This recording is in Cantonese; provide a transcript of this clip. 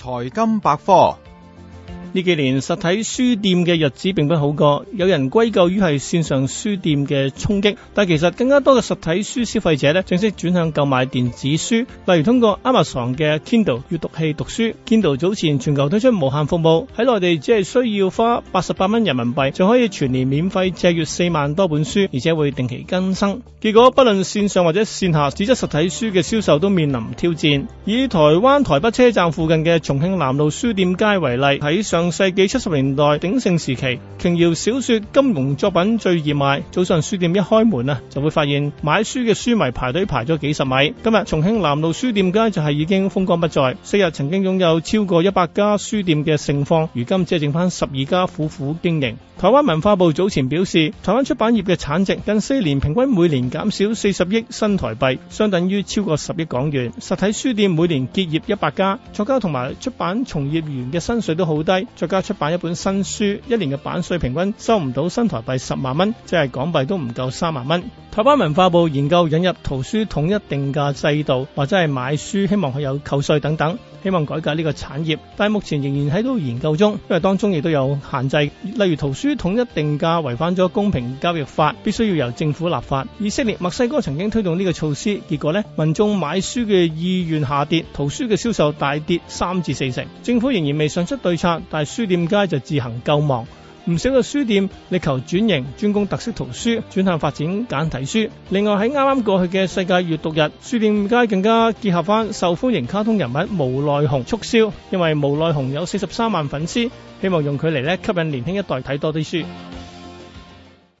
財金百科。呢幾年實體書店嘅日子並不好過，有人歸咎於係線上書店嘅衝擊，但其實更加多嘅實體書消費者正式轉向購買電子書，例如通過 Amazon 嘅 Kindle 閲讀器讀書。Kindle 早前全球推出無限服務，喺內地只係需要花八十八蚊人民幣，就可以全年免費借閲四萬多本書，而且會定期更新。結果，不論線上或者線下，紙質實體書嘅銷售都面臨挑戰。以台灣台北車站附近嘅重慶南路書店街為例，喺上上世紀七十年代鼎盛時期，瓊瑤小說、金庸作品最熱賣。早上書店一開門啊，就會發現買書嘅書迷排隊排咗幾十米。今日重慶南路書店街就係已經風光不再。昔日曾經擁有超過一百家書店嘅盛況，如今只係剩翻十二家苦苦經營。台灣文化部早前表示，台灣出版業嘅產值近四年平均每年減少四十億新台幣，相等於超過十億港元。實體書店每年結業一百家，作家同埋出版從業員嘅薪水都好低。作家出版一本新書，一年嘅版稅平均收唔到新台幣十萬蚊，即係港幣都唔夠三萬蚊。台灣文化部研究引入圖書統一定價制度，或者係買書希望佢有扣稅等等，希望改革呢個產業，但係目前仍然喺度研究中，因為當中亦都有限制，例如圖書統一定價違反咗公平交易法，必須要由政府立法。以色列、墨西哥曾經推動呢個措施，結果呢，民眾買書嘅意願下跌，圖書嘅銷售大跌三至四成，政府仍然未諗出對策，但係書店街就自行救亡，唔少嘅書店力求轉型，專攻特色圖書，轉向發展簡體書。另外喺啱啱過去嘅世界閱讀日，書店街更加結合翻受歡迎卡通人物無奈熊促銷，因為無奈熊有四十三萬粉絲，希望用佢嚟咧吸引年輕一代睇多啲書。